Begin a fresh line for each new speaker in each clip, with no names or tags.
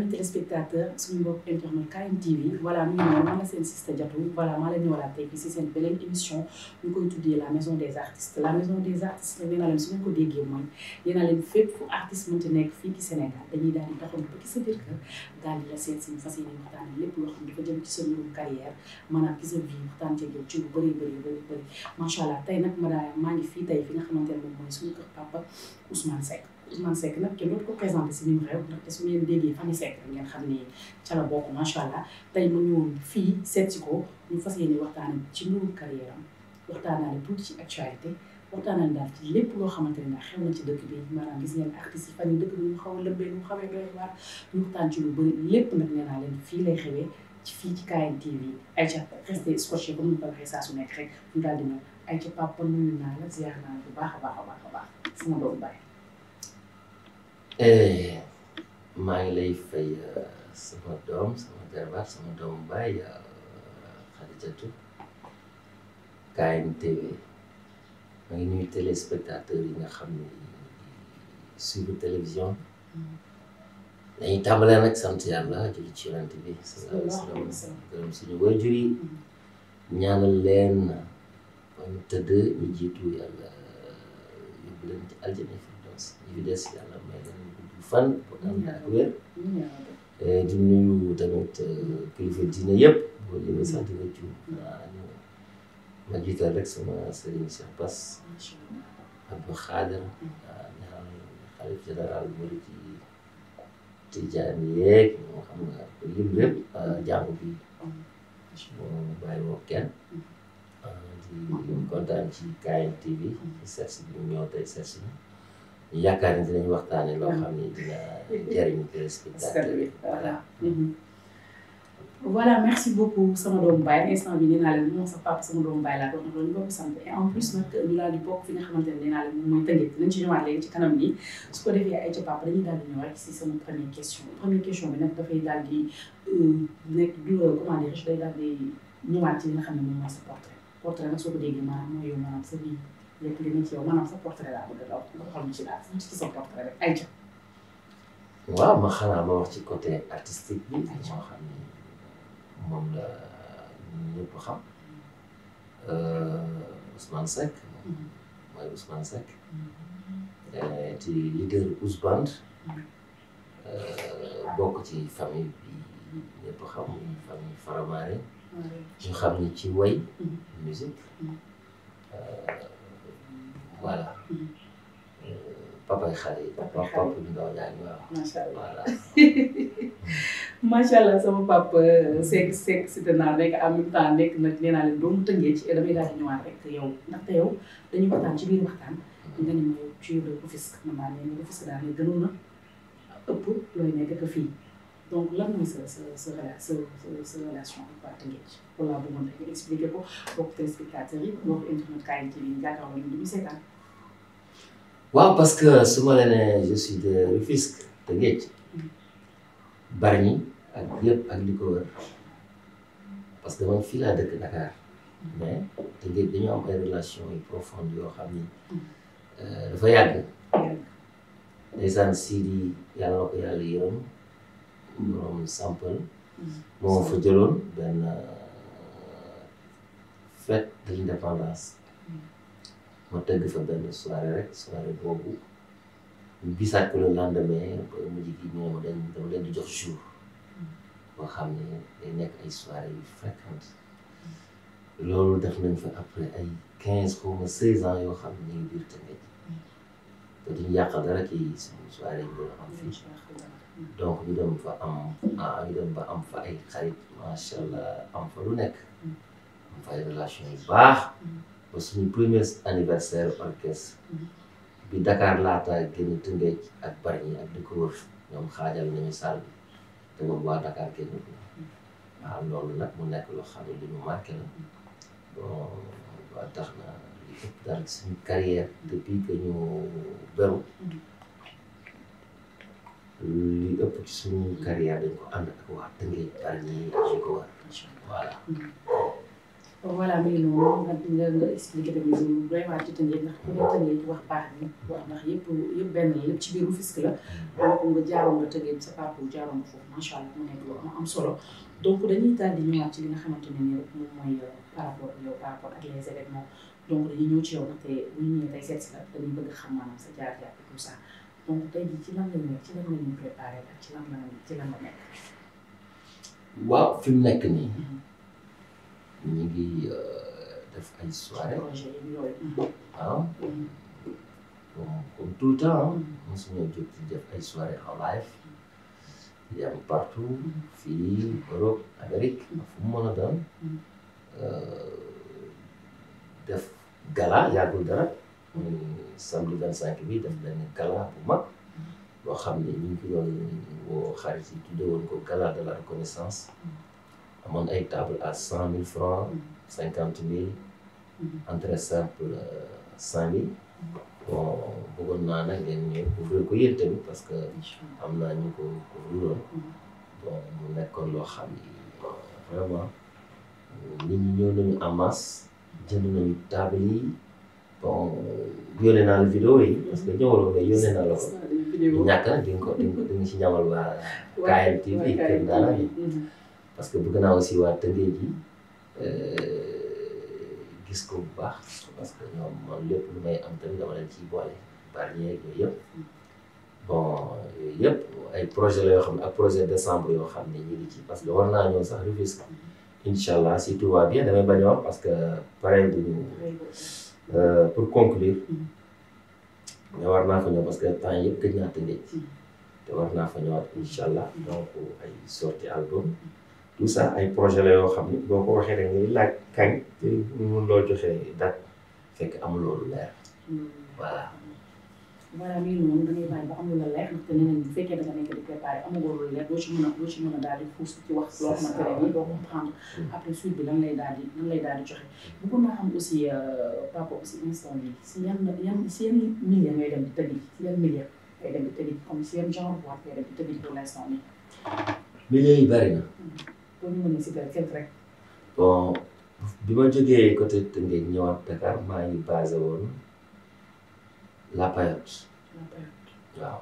amis téléspectateurs suñu mbokk internet KM TV voilà mi ngi noonu la seen sista Diatou voilà maa leen ñëwalaat tey fii si seen beneen émission ñu koy tuddee la maison des artistes la maison des artistes nee naa leen su ma ko nekk fii ci Sénégal dañuy daal di taxaw ba ci sa biir kër daal di la seet si fas yéene waxtaan lépp loo xam ne dafa jëm ci sa mbirum carrière maanaam ci sa vie waxtaan ci yow ci lu bëri bëri bëri bëri allah tey nag ma daa maa ngi fii tey fi nga xamante ne moom mooy suñu kër papa Ousmane Seck nag kenn ko présenté si nim réew ndaxte su ngeen déggee Fally Seck xam ne ca la bokk macha tey mu ñëwoon fii seet ñu fas yéene waxtaan ci mbirum carrière am waxtaanaale tuuti ci actualité waxtaanaale daal ci lépp loo xamante ne nag xew na ci dëkk bi dëkk bi ñu a lëbbee ñu xawee doy waar ñu waxtaan lépp fii lay xewee ci fii ci KN TV ay ca resté scotché comme ni ko waxee su nekk rek ñu daal di ñëw ay ca papa nuyu naa
la ziar naa la bu baax a baax a baax a baax sama doom bàyyi Eh, maa ngi lay fay eh, sama doom sama jarbaat sama doomu baay Xadijatu eh, KMTV maa ngi nuyu téléspectateurs yi nga xam ne suivre télévision mm-hmm.
dañuy tàmbalee nag sant yàlla julli
ci yonent bi sallallahu alayhi wa sallam gërëm suñu waajur yi mm-hmm. ñaanal leen ba ñu tëdd ñu ci aljana fan bu ànd ak wér eh, di nuyu tamit eh, kilifa diine yëpp boo limee sax di nga juum naa ñu ma jiital rek sama sëriñ Cheikh Bass Abdou Khader waaw ñaar xalif général bari ci tijaan yeeg moo xam nga lim lépp jàngu bi moom bàyyi woo kenn mm-hmm. ah, di kontaan ci KN TV ci seet si bi ñëw tey seet si yaakaar ni dinañ waxtaanee loo xam ne dina jëriñu téléspectateur bi voilà. Mhm. voilà merci beaucoup
sama doomu baay instant bi nee naa leen moom sa papa sama doomu baay laa doon sant et en fi nga xamante ne nee naa leen moom mooy tënkee dinañ ci ñëwaat léegi ci kanam nii su ko defee ay ca papa dañuy daal di rek si sama première question bi nag dafay daal di euh, nekk du euh, comment dirais-je day daal di ñëwaat ci li xam ne moom mooy sa portrait portrait nag soo ko déggee maanaam mooy yow maanaam sa vie. léegi li ci a daw ci daal
ci sa ci côté artistique la ñëpp xam euh, Ousmane Seck. Mm-hmm. mooy Ousmane Seck. ci mm-hmm. euh, leader Ousband. Mm-hmm. Euh, bokk ci famille bi Faramare. ñu xam ci way musique. voilà. papay xale yi papa papa bi nga wax
macha allah macha allah sama papa Seck Seck si danaa rek en même nekk nag nee naa leen tëngee ci damay daal di ñëwaat rek te yow ndaxte yow dañuy waxtaan ci biir waxtaan nga mm-hmm. ne ma yow ci yow de Rufisque man maa ne Rufisque daal ne gënoon ëpp looy nekk que fii. donc lan mooy sa sa sa sa sa relation ak waa Tëngéej wala bu mën nga expliqué ko mbokk téléspectateurs yi mbokk internet kaay ci liñ jàkkaarloo ñu duñu seetaan.
waaw parce que su la nee je suis de Rufisque Tëngéej Bargny ak yëpp parce que man fii laa dëkk Dakar mais Tëngéej dañoo am ay relation profonde yoo xam ni euh, dafa Sidi yàlla na ko borom sampal mm-hmm. moo fa jëloon benn euh, fête de l'indépendance mm-hmm. ma tëgg fa benn soirée rek soirée boobu ñu gisaat ko le lendemain ba mujj gi moom dañ dama leen di jox jour mm-hmm. boo xam ne day nekk ay soirées yu fréquentes loolu def nañ fa après ay quinze xaw ma seize ans yoo xam ne ñu ngi biir Tëngéej te duñu yàqal dara ci suñu soirée bi doon am fii donc ñu dem fa am ah, am fa am fa nekk am fa ay yu baax ba suñu premier anniversaire orchestre bi Dakar laata génn Tëngéej ak Bargny ak di ko wër ñoom xaajal nañu salle te boobu waa Dakar génn ko waaw loolu nag mu nekk loo xam ne li ñu marqué la tax na daal suñu carrière depuis que ñu beru li ëpp ci suñu carrière dañ ko ànd ak waa Tëngéej par ñii dañu ko war voilà voilà muy noonu nga nga nga expliqué tamit lu doy waar ci Tëngéej
ku ne Tëngéej wax baax ni wax ndax yëpp yëpp benn la yëpp ci biir Rufisque la mm. donc nga jaaroon nga Tëngéej sa papa jaaroon nga allah mu nekk am solo donc dañuy daal di ñëwaat ci li nga xamante ne nii rek moom mooy euh, par rapport yow euh, par rapport ak les événements donc dañuy ñëw ci yow nag te bu ñu ñëwee tey seet si la dañuy bëgg xam maanaam sa jaar-jaar et tout ça donc tey jii ci lan la ñu ci lan la ñu préparé ak ci lan la ci lan la nekk.
waaw fi mu nekk nii. Mhm. ñu ngi euh, def ay soirées. projet yi yooyu. waaw. Mhm. Ah. Mhm. comme comme tout le temps. mosu ñoo jóg di def ay soirées en live. yam partout fii Europe Amérique fu mu mën a def gala yàggul dara muy samedi vingt cinq bi def benn gala bu mag loo xam ne ñu ngi ko doon woo xarit yi tuddee woon ko gala de reconnaissance amoon ay table à cent mille francs cinquante mille entrée simple cinq mille bon bëggoon naa nag ngeen ñëw couvrir ko yéen tamit parce que am naa ñu ko couvriroon bon mu nekkoon loo xam ni vraiment nit ñi ñëw nañu en masse jënd nañu table yi bon yónnee naa la vidéo yi parce que ñëwaloo nga yónnee naa la ko di nga ko di nga ko di nga si ñamal waa KMTV Kër Ndaanaan yi mm-hmm. parce que bëgg naa aussi waa Tëngéej ji euh, gis bu baax parce que ñoom man lépp lu may am tamit dama leen ciy boole bàññeeg yooyu yëpp bon yëpp ay projet la yoo xam ne ak projet décembre yoo xam ne ñu ngi ci parce que war naa ñëw sax Rufisque incha allah si tout va bien damay bañ parce que pare bu ñu euh, pour conclure mm-hmm. mais war naa fa ñoom parce que temps yëpp gëj naa tëndee mm-hmm. te war naa fa ñëwaat incha allah mm-hmm. donc ay sorti album tout ça ay projet la yoo xam ni boo ko waxee rek ngay laaj mun loo joxee dat fekk amul loolu leer
voilà. maanaam lii moom da ngay ba amul la leer ndax amuloo lu leer doo ci mën a daal di fuus ci wax loo mm. lan lay daal di lan lay daal di joxe euh, si yan yan si yan di tëggi si yan milliers ngay dem di tëggi comme si yan genre boîte ngay dem di tëggi pour l'instant bi
milliers yi bëri na mm. loolu bon bi ma jógee côté Tëngéej ñëwaat Dakar maa ngi basé woon La Paillotte. waaw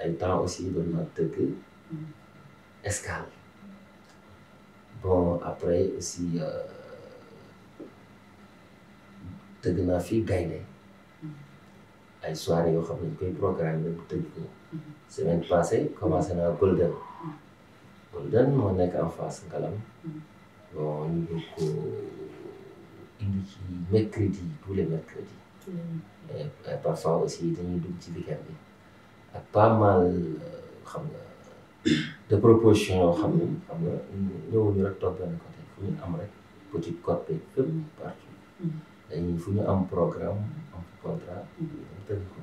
ay temps aussi doon naa tëgg Escale. bon après aussi euh, tëgg naa fii Gaynde mm-hmm. ay soirées yoo xam ne ñu koy programme tëgg ko mm-hmm. semaine passée commencé naa Golden. kon den moo nekk en face ngalam bon ñu mm. bëgg ko indi ci mercredi tous les mercredis mm. et eh, eh, parfois aussi dañuy dugg ci weekend bi ak pas mal eh, xam nga de proposition yoo xam ne xam ñëwuñu rek toog benn côté fu ñu am rek petite côte bi partout mm. dañuy fu ñu am programme am contrat am tënk ko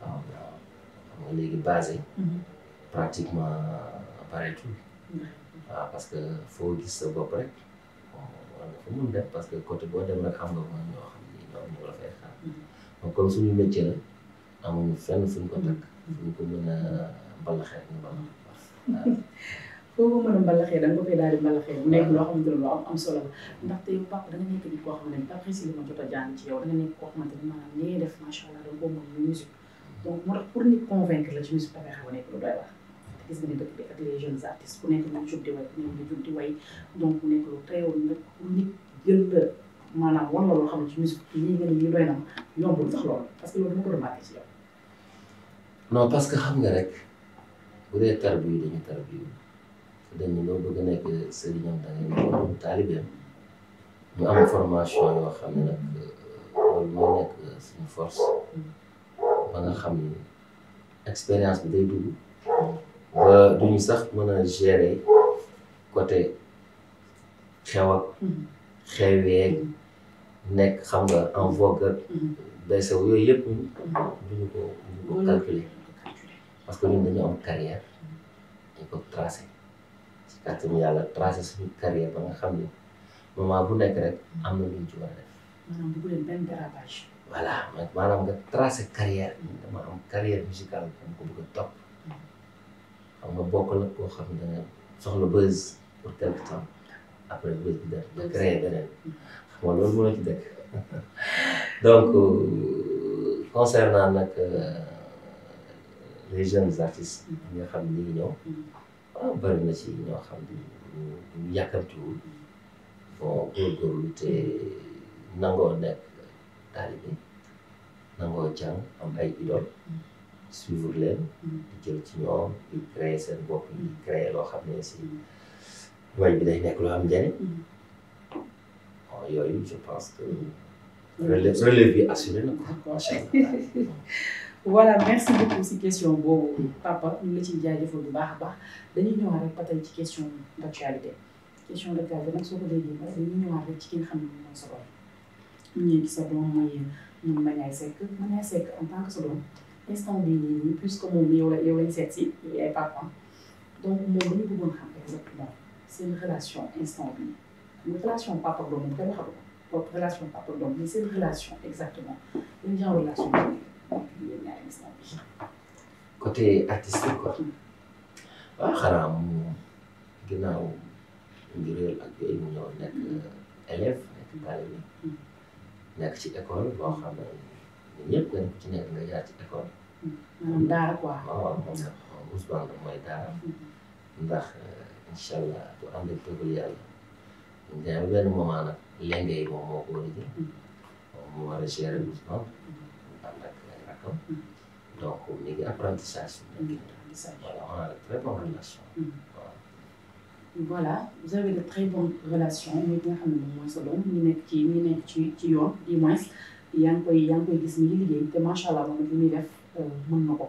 waaw waaw xam nga léegi basé mm-hmm. pratiquement pareetul waaw parce que foo gis sa mun def parce que côté boo dem rek am nga fa ñoo xam ni ñoom ñu la fay ko takk fuñ
ko mën a mbalaxee ñu mbalax waaw foo ko mën a mbalaxee da daal di mbalaxee nekk loo xam ne ndaxte yow papa da nekk nit koo xam ne après si li ma jot a jàng ci yow da nekk koo xamante ne maanaam li ngay def macha allah da nga ko mën moo tax pour nit convaincre la ci musique da xam ne nekk lu wax gis nga ni dëkk bi ak les jeunes artistes ku nekk ñoom jub di way ñoom di jub di way donc mu nekk lu teyoon nag nit jël la maanaam wan la loo xam ne ci musique ñii nga ñu doy na ma yombul sax loolu parce que loolu dama ko remarqué ci yow.
non parce que xam nga rek bu dee tarbi yi dañu tarbi yi dañu loo bëgg a nekk sëriñam da ngay doon taalibeem ñu am formation yoo xam ne nag euh, loolu moo nekk suñu
force mm.
ba nga xam ni expérience bi day dugg. duñu sax mën a gérer côté xew ak xeweeg nekk xam nga en vogue yooyu yëpp duñu ko ko calculer parce que ñun dañu am carrière dañ ko tracé ci kàttanu yàlla tracé suñu carrière xam ne moment bu nekk rek am na luñ ci war a def
maanaam bu leen benn dérapage
voilà maanaam nga tracé carrière dama am carrière musicale dama ko bëgg xam nga bokk na koo xam ne soxla buzz pour quelque temps après buzz bi def nga créé beneen xam nga loolu moo ci dëkk donc euh, concernant nag euh, les jeunes artistes ñi nga xam ni ñu ñëw waaw ah, bëri na ci ñoo xam ni ñu yàkkamtiwul bon góorgóorlu te nangoo nekk taalibe nangoo jàng am ay suivre leen di jël ci ñoom di créer seen bopp di créer loo xam ne si way bi day nekk lu am njëriñ bon que relève relève na ko
macha merci beaucoup si question boobu papa ñu la ciy jaajëfal bu baax a baax dañuy ñëwaat rek ba ci question d'actualité question d'actualité nag soo ko déggee parce que dañuy ñëwaat rek ci ki xam ne moom sa doom ñu sa doom mooy ñoom Maniaye Seck Maniaye Seck en tant sa doom instant bii nii nii puisque moom yow la yow lañ seet si yow yaay parent donc moom la ñu bëggoon exactement seen relation instant bii relation papa doom moom kenn waxatu ko relation papa doom mais seen relation exactement yan genre relation la yéen ñaar instant bii.
côté artistique waaw ah, xanaa mu ginnaaw njureel
ak yooyu nekk mm. élève nekk mm. nekk ci école boo xam
ñëpp nag ci nekk nga jaar ci école. maanaam daara quoi. waaw moom Ousmane mooy daara. ndax incha allah bu am nañu tëbul yàlla. jaay benn moment nag lenge yi moom moo ko war a moom moo war a gérer Ousmane. am nag ay rakam. donc ñu ngi
voilà on a de de très bonnes relations muy ki nga ne moom ci ñu nekk ci yaa ngi koy yaa ngi gis ni liggéey te macha allah moom li muy def mën ko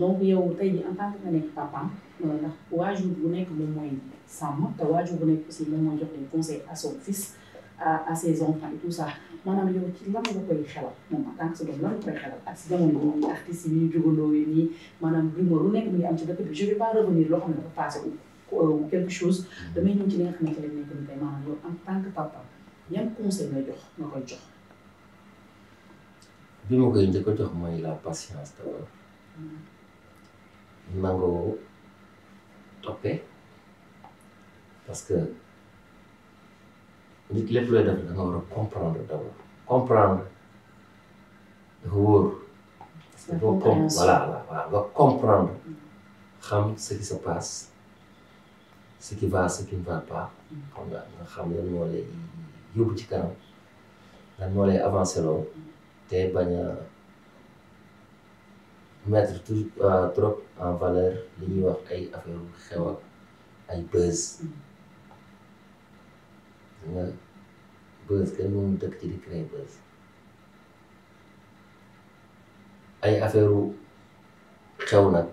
donc yow tey jii en tant que nga nekk papaam ndax waajur bu nekk moom mooy sàmm te waajur bu nekk aussi moom mooy jox leen conseil à son fils à ses enfants maanaam yow ci lan la koy xelal moom en tant que sa doom lan la koy xelal ak si jamono bi nii yi jugandoo maanaam lu nekk mi ngi am ci dëkk bi je vais pas revenir loo xam ne dafa passé ou quelque chose damay ñëw ci li nga xamante ne nekk ni tey maanaam yow en tant que papa yan conseil nga jox nga koy jox
bi ma koy njëkk a jox mooy la patience d'abord nangoo toppee parce que nit lépp looy def da nga comprendre dafa wóor parce que boo com voilà waaw nga comprendre xam ce qui se passe ce qui va ce qui ne va pas nga xam lan moo lay yóbbu ci kanam lan moo lay avancer te bañ a mettre euh, trop en valeur li ñuy wax ay affaire xew ak ay buzz nga buzz kenn moom dëkk ci di créer buzz ay affaire xew nag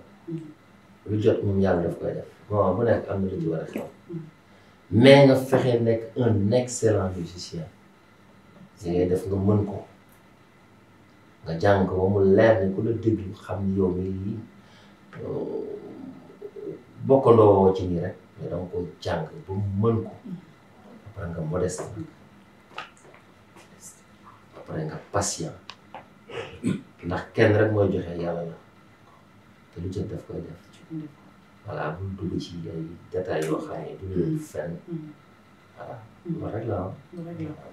lu jot moom yàlla daf koy def moment bu nekk am na lu ci war a xew mais nga fexe nekk un excellent musicien si ngay def nga mën ko nga jàng ko mu leer ni ku la déglu xam ni yow euh, bokkandoo woo ci nii rek mais danga ko jàng ba mu mën ko après nga modeste après nga patient ndax kenn rek mooy joxe yàlla la te lu jël daf koy def voilà bul dugg ci ay détails yoo xam ne du fenn
mm-hmm. voilà rek la am ah.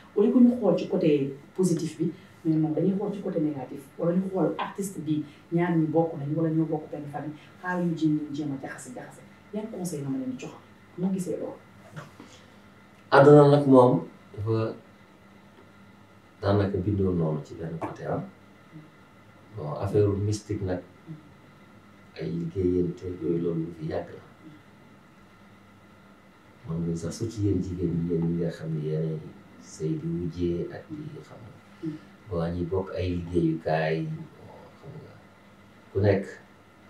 au ko que ñu xool ci côté positif bi mais moom dañuy xool ci côté négatif wala ñu xool artiste bi ñaar ñi bokk nañ wala ñoo bokk benn famille xaaral ñu jéem ñu jéem a jaxase jaxase yan conseil nga ma leen
nag moom dafa daanaka bindoo ah. yooyu loolu fi yàgg la man mii sax su ci yéen jigéen ñi yéen xam ne yéenay. sëy bi wujjee ak lii xam nga hmm. waa ñi bokk ay liggéeyukaay xam nga ku nekk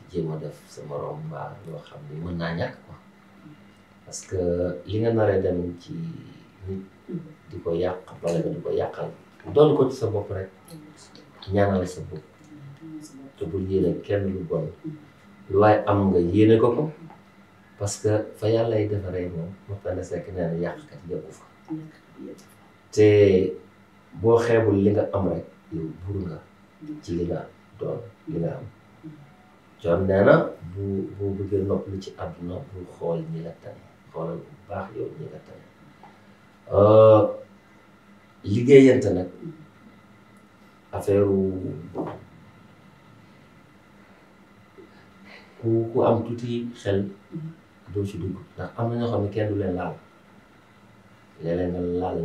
di ma def sa morom mbaa loo xam ni mën naa ñàkk quoi que li nga nar a dem ci nit hmm. di ko yàq wala nga di ko yàqal doon ko ci sa bopp rek ñaanal sa bopp te bul yéene lu bon lu waaye am nga yéene ko ko parce que fa yàlla ay defaree moom moo tax ne sekk nee na yàqkat yëpp fa te boo xeebul li nga am rek yow buur nga ci li doon li nga am John bu bu bëggee noppalu ci àdduna bu xool ñi la tane xoolal bu baax yow ñi la tane euh, liggéeyante nag affaire ku am tuuti xel doo ci dugg ndax am na ñoo kenn du leen laal léeg nga laal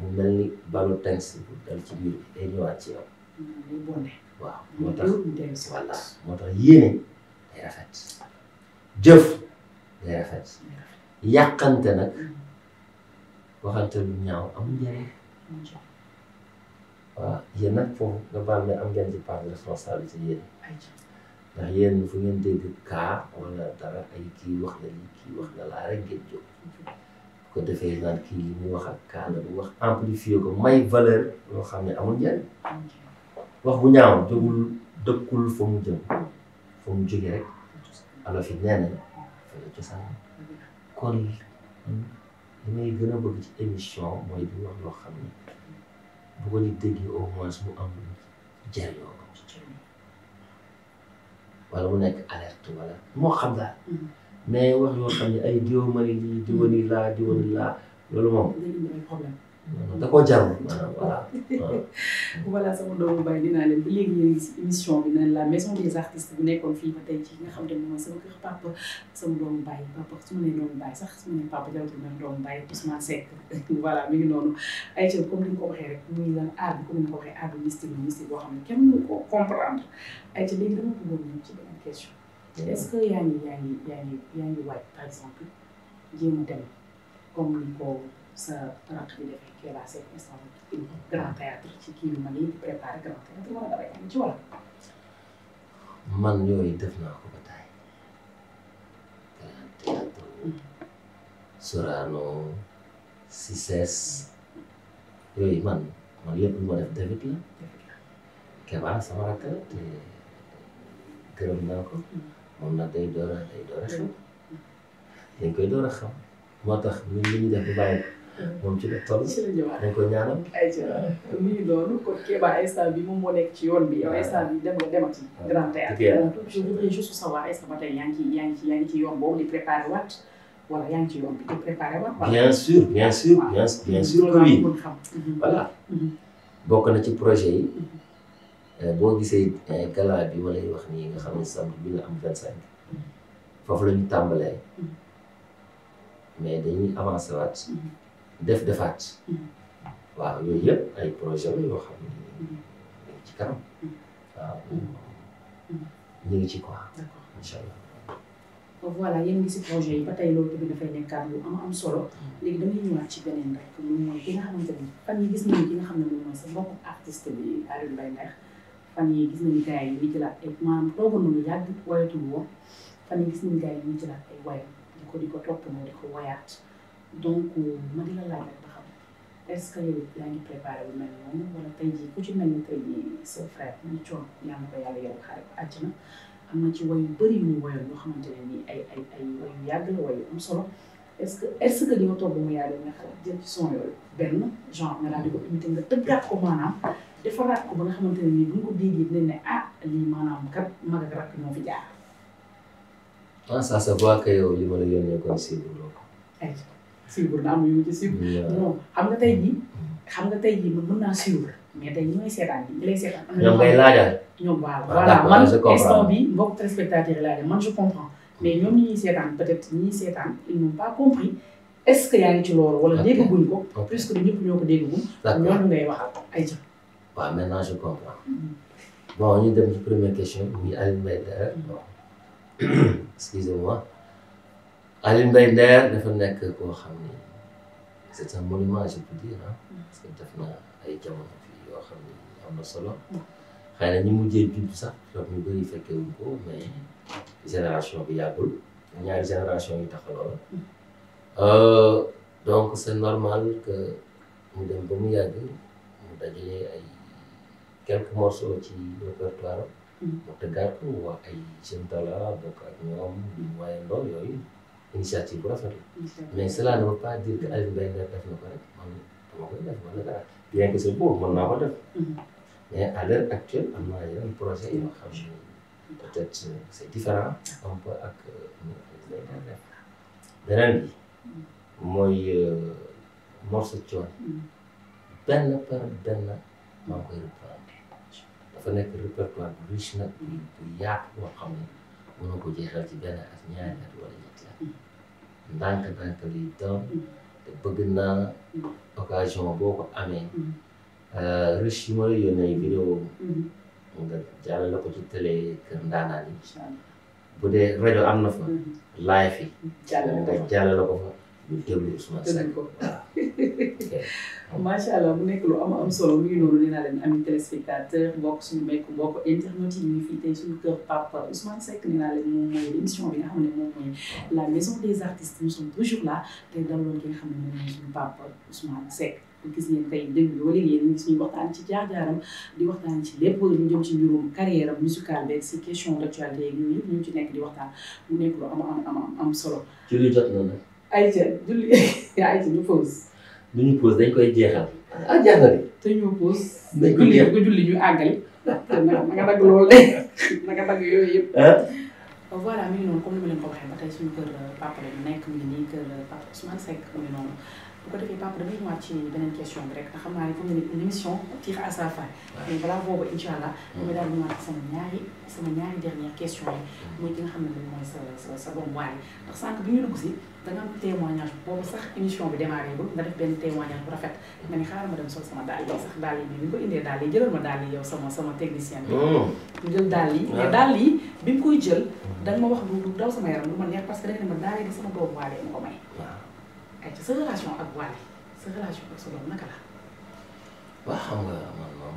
mu mel ni balu tens bu dal ci biir day ñëwaat ci yow. moo tax moo tax yéene day rafet jëf day rafet yàqante nag mm-hmm. waxante lu ñaaw am njëriñ waaw yéen nag foofu nga baal ne am ngeen ci part de responsabilité yéen ndax yéen fu ngeen dégg kaa wala dara ay kii wax na lii kii ko defee naan kii li muy wax ak kaala bu wax amplifié ko may valeur loo xam ne amul njariñ wax bu ñaaw jógul dëkkul fa mu jëm fa mu jóge rek alors fi nee nañ fa la cosaan kon hmm, li may gën a bëgg ci émission mooy di wax loo xam ne bu ko di déggee au moins mu am jariñoo ko wala mu nekk alerte wala moo xam daal hmm. mais wax yoo xam ne ay diwa ma lii diwa nii laa diwa nii laa loolu moom. da koo jarul voilà.
voilà
sama doomu bay dinaa leen ba léegi ñu ngi bi naan la maison des artistes fii ba tey ci nga xam ne moom sama kër papa sama doomu bay papa su ma nee doomu bay sax su ma nee papa jaww ji ma ne doomu mi ngi noonu. ay ca comme ni ko waxee rek muy lan aar bi comme ni ko waxee aar bi mystique mystique boo xam ne kenn mënu ko comprendre ay ca léegi dama bëggoon ñëw ci beneen question. est ce que yaa ngi par exemple jéem a dem ko sa rakk bi defee kii laa seet instant grand théâtre ci kii bi ma nii grand théâtre wala dafay am ci
man yooyu def naa ko ba taay grand théâtre mm-hmm. Sorano Cices yooyu man man lépp lu ma def David la Keba sama rakk la te gërëm naa ko. Mm-hmm. moom nag day door a day door a mm. xam dañ koy door a xam moo tax ñun li ñu def bu bàyyi moom ci la toll dañ ko ñaanal
mi ngi loolu kon Kéba instant bi moom moo nekk ci yoon bi yow instant bi dem nga demati grand théâtre donc je voudrais juste savoir est-ce que ba tey yaa ngi ci yaa ngi ci yaa ngi ci yoon boobu di préparé waat wala yaa ngi ci yoon bi di préparé waat bien sûr
bien sûr bien sûr que oui mhm. voilà mhm. bokk na ci projet yi mhm. Euh, boo gisee euh, gala bi ma lay wax nii nga xam ne samedi bi la am vingt cinq foofu la ñu tàmbalee mais dañuy avancé waat def defaat waaw yooyu yëpp ay projet la yoo xam ne ci kanam waaw ñu ngi ci quoi incha
allah voilà yéen ngi si projet yi ci beneen ki nga xam ne moom mooy sa mbokk bi Aliou Mbaye Nder fan yii gis nañu gars yi ñu jëlaat ay maanaam toogoon nañu yàgg woyatul woon fan gis nañu gars yi ñu jëlaat ay woyam di ko di ko toppandoo di ce que yow yaa ngi préparé lu mel noonu wala tey ci mel yu bëri yu mu woyoon yoo ne nii ay ay ay woy yu yàgg la que est-ce que li ma jël ci son benn genre nga daal di ko imité nga ko maanaam defaraat ko ba nga xamante ne nii bu ñu ko déggee dinañ ah lii maanaam kat mag ak rakk ñoo fi jaar.
ah ça se voit que yow li la yónnee kon siiwul loo ko.
ay siiwul naa tey jii. Mm. xam nga tey jii man mën naa siiwul mais tey ñi may seetaan ñi lay seetaan. ñoom ngay laajal. Ah, bi mbokk téléspectateur man je comprends mm. mais ñoom ñi ñuy seetaan peut-être seetaan ils n'ont pas compris. est-ce que yaa ngi ci loolu
wala déggaguñ ko. puisque ñëpp ñoo ko déggaguñ. ñooñu ngay waxal ay jëm. waaw maintenant bon ñu dem ci première question muy Alioune Mbaye Nder bon nekk koo xam ni c'est un monument je peux dire parce que def na ay jamono fii yoo xam ni am na solo xëy na ñu mujjee judd sax donc ñu bëri fekkee wuñ ko mais génération bi yàggul ñaari génération yi tax lool donc c'est normal que mu dem ba mu yàgg mu quelques morceaux ci répertoire mu mm. tëggaat waa ay jeune talent donc ak ñoom yooyu initiative bu rafet la mais cela ne veut pas dire que Aliou Mbaye Nder def na ko rek man naa ko def mm. mais à actuelle am naa yeneen projet yoo euh, ak euh, mooy euh, morceau coon mm. benn par benn maa koy reprendre dafa nekk répertoire bu riche nag bu bu yaatu boo xam ne mënoo ko jeexal ci benn ak ñaari at wala ñetti at ndànk-ndànk liy doon te bëgg naa occasion boo ko amee euh, riche yi ma la yónnee vidéo nga jàllale ko ci télé kër ndaanaan yi bu dee rajo am na fa live yi nga jàllale ko fa ñu déglu Ousmane Seck waaw
macha allah bu nekk lu am am solo mu ngi noonu nee naa leen ami téléspectateur mbokk suñu mekk mbokk internet yi ñu fii tey suñu kër bi nga la maison des artistes nous sommes xam ne moom mooy suñu Papa tey déglu ba léegi yéen ngi suñu ci jaar-jaaram di waxtaan ci lépp ñu jëm ci mbirum carrière musicale beeg si question d'actualité yeeg yooyu ñu ci nekk di waxtaan mu nekk lu am am am solo.
julli jot na nag.
ayca
lu ñu pause dañ koy jeexal
ah jeex na de. te ñu pause. dañ ko jeex julli julli ñu àggali. na nga dagg yooyu yëpp. Ah? voilà mi ngi noonu comme ni leen ko waxee ba tey suñu kër euh, papa la ñu nekk mi ngi nii kër euh, papa ci beneen question bi rek nga xam naa ne comme ni émission tire à balaa boobu incha allah. Mm. damay daal di ñëwaat sama ñaari sama ñaari dernière question yi. muy ki nga xam ne moom mooy sa sa sa waaye ndax sànq bi ñu dugg si. da nga am boobu sax émission bi démarré gul nga def benn témoignage bu rafet nga ni xaaral ma dem sol sama daal yi sax daal yi bi ñu ko indee daal yi jëlal ma daal yi yow sama sama technicien bi ñu oh. jël daal yi mais daal yi bi nga koy jël da nga ma wax lu daw sama yaram lu ma neex parce que da nga daal yi di sama doomu waale ma ko may ay sa relation ak waale sa relation ak sa doom naka la
waaw xam nga man moom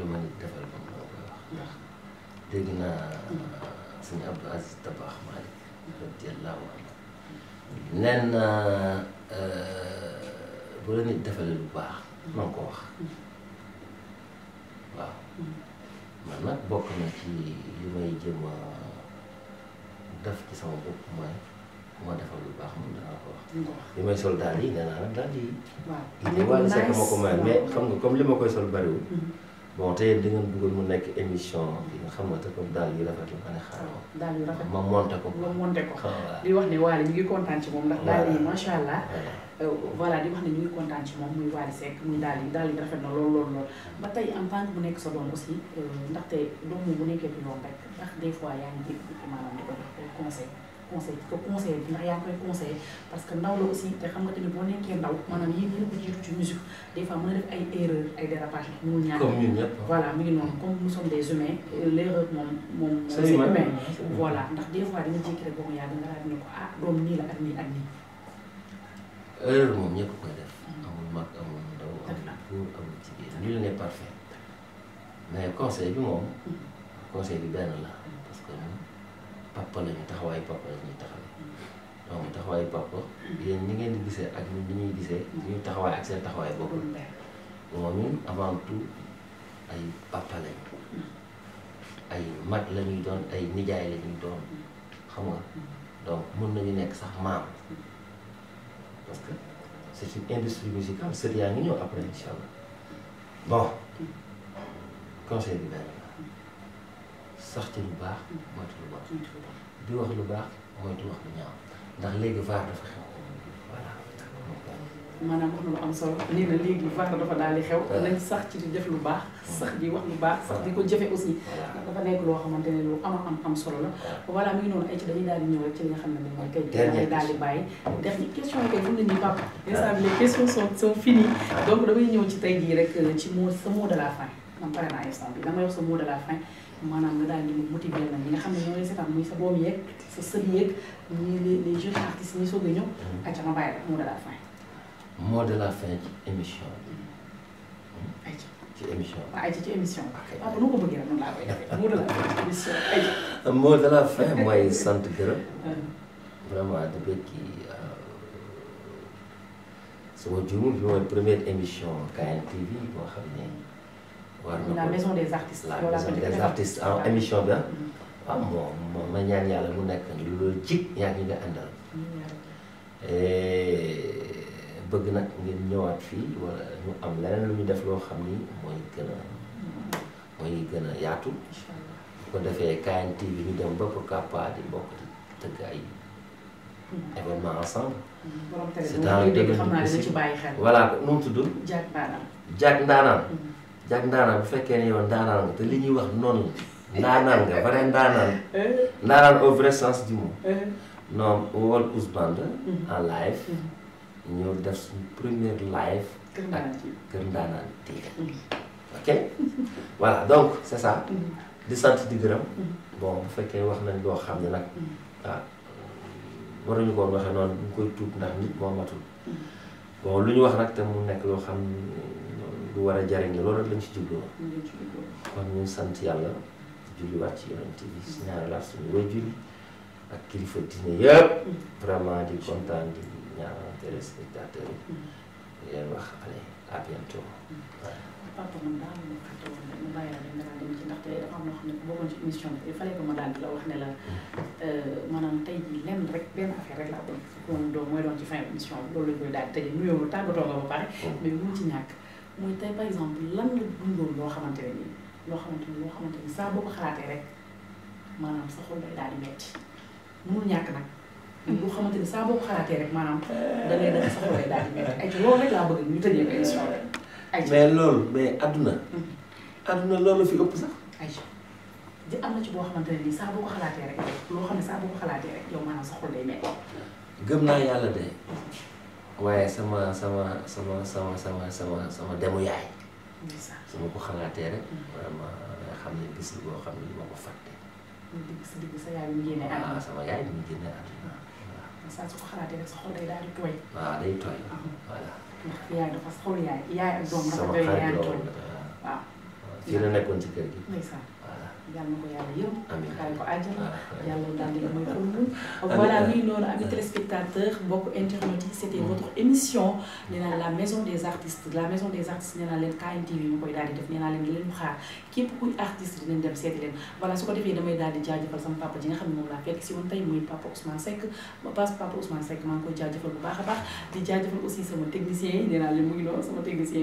lu ma nit defal moom nee euh, na euh, bu la nit defalee lu baax na ko wax waaw man nag bokk na ci li may jëm def ci sama bopp mooy ku defal lu baax moom danaa ko wax. li may sol yi nee naa
daal yi. waaw am na lu nice waaw li ma ko mayee mais xam
comme li ma koy sol bariwul. Mm-hmm. bon tey li dugal mu nekk émission bi nga xamante comme daal yu rafet la ma ne xaaral daal yu rafet ma monté ko ma monté ko di wax ne
Waly ñu ngi kontaan
ci moom ndax daal yi macha allah euh, voilà
di wax ne ñu ngi kontaan ci moom muy Waly Seck muy daal yi daal yi rafet na lool lool lool ba tey en tant que bu nekk sa doom aussi euh, ndaxte doom bu nekkee du yoon rek ndax des fois yaa ngi dégg maanaam di ko def conseil conseil parce que conseil bi ndax yaa koy conseil parce que ndaw la aussi te xam nga tamit boo nekkee ndaw maanaam yéen ñëpp ko jiitu ci musique des fois mën def ay erreur ay dérapage ndax mënul ñàkk ngi noonu comme nous sommes des humains euh, l'erreur moom moom c'est humain ndax des fois dina rek boo ko yàgg nga daal ne ko ah doom nii la ak nii ak
moom ñëpp koy def mm-hmm. amul mag amul ndaw amul góor amul jigéen nul n'est parfait mais conseil bi moom mm-hmm. conseil bi benn la mm-hmm. papa lañu taxawaayu papa la ñuy taxawee donc taxawaayu papa yéen ñi ngeen gisee ak ñun li ñuy gisee ñuy taxawaay ak seen taxawaay bokkul moom ñun avant tout ay papa lañu ay mag la ñuy doon ay nijaay la ñuy doon xam nga donc mën nañu nekk sax maam parce que c' est une industrie musicale sër yaa ngi ñëw après incha allah bon conseil bi benn sax ci lu baax moytu lu baax di wax lu baax moytu wax lu ndax léegi vaar dafa xew voilà.
maanaam wax na lu am solo na léegi daal xew. sax ci di def lu baax. sax di wax lu baax sax di ko jëfe aussi. ndax dafa nekk loo xamante ne lu am am am solo la. voilà mi ngi noonu ay ci dañuy daal di ci li nga xam ne moom mooy. kay dañuy daal di bàyyi. def ni question yi kay mun nañu papa. instant bi les questions donc damay ñëw ci tey jii rek ci mot sa moo de la fin. man pare naa instant bi damay wax sa mot de la fin. maanaam nga daal di motiver nag ñi nga xam ne ñoo ngi seetaan muy sa doom yeeg sa sët yeeg ñi les les jeunes artistes ñi soog a ñëw. Mm-hmm. ayca ma bàyyi la mot de la fin.
mot de mm-hmm. ah, laa fin mooy sant gërëm. Mm-hmm. vraiment di bëgg euh, sama juum bi mooy première émission KN TV boo xam ne. la maison des artistes. la maison des artistes en émission bi mm-hmm. ah. waaw moo moo ñaan yàlla mu nekk lu jig yaa ngi nga àndal.
Mm-hmm.
bëgg nag ngeen ñëwaat fii wala ñu am leneen lu ñu def loo xam ni mooy gën a
mm-hmm.
mooy gën a yaatu. bu ko defee KN TV ñu dem ba bokk di tëgg ay événement ensemble. borom tamit bu ma koy xam naa dina ci mu tudd. Jack Ndaanaan. Jack Ndaanaan. jag ndaanaan bu fekkee ne yow ndaanaan nga te li ñuy wax noonu ndaanaan nga vrai ndaanaan eh. ndaanaan au vrai sens du mot eh. non wool Ousband mm-hmm. en mm-hmm. ñu def suñu première live kër ndaanaan tiir mm-hmm. ok voilà donc c'est ça di sant di gërëm bon bu fekkee wax nañ loo xam ne nag ah waruñu koon waxee noonu ñu koy tuub ndax nit moo matul bon lu ñu wax nag te mu nekk loo xam lu war a jariñ la loolu rek lañ ci jubloo kon ñu sant yàlla julliwaat ci yonent bi ñaanalaat suñu wajur ak kilifa diine yëpp vraiment di kontaan di ñaanal téléspectateur yi mm-hmm.
di
à bientôt mm-hmm. papa bàyyi
am loo xam mm-hmm. euh, tey jii lenn rek benn affaire rek laa bëgg kon doon mooy doon ci fin émission bi loolu lañ koy daal di tëjee nuyoo tàggatoo nga ba pare mais bu ci ñàkk mooy tey par exemple lan la dundoon loo xamante ne nii loo xamante ni loo xamante ni saa boo ko xalaatee rek maanaam sa xol day daal mm-hmm. xamante ni saa boo maanaam eh. da ngay def sa xol day daal di metti ay ci loolu rek laa mm-hmm. ëpp sax. ay na ci boo xamante ne nii saa boo ko xalaatee rek loo xam ne saa xalaatee rek yow maanaam sa xol day metti.
gëm naa yàlla de. Mm-hmm. waaye sama sama sama sama sama sama sama demu yaay. su ma ko xalaatee rek. Mm-hmm. vraiment nga xam ma ko fàtte.
Mm-hmm. dëgg sa yaay mi génne ah, àdduna. sama yaay mi
génne àdduna.
waaw ah. day daal di tooy. Ah, day tooy.
voilà ndax yaay dafa xol yaay yaay ak doom dafa doy yaay nekkoon
ci kër yàlla na ko yàlla yëpp. amiin xaare ko àjjana yàlla daal la maison des artistes la maison des artistes nee naa leen KMTV mu koy daal di def nee leen di xaar képp kuy artiste dinañ dem seeti leen. voilà su ko defee damay daal di jaajëfal sama papa ji nga xam ne moom laa fekk si woon tey papa Ousmane Seck ma papa Ousmane Seck maa ngi koy jaajëfal bu baax a baax di jaajëfal aussi sama technicien yi nee leen mu ngi noonu sama technicien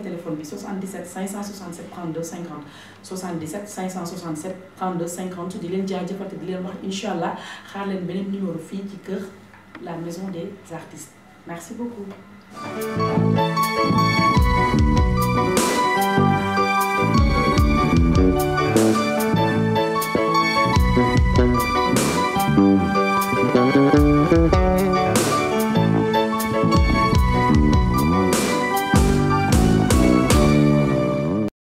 numéro téléphone bi 77 567 32 50 77 567 32 50 di leen jaajëfal te di leen wax incha allah xaar leen beneen numéro fii ci kër la maison des artistes merci beaucoup.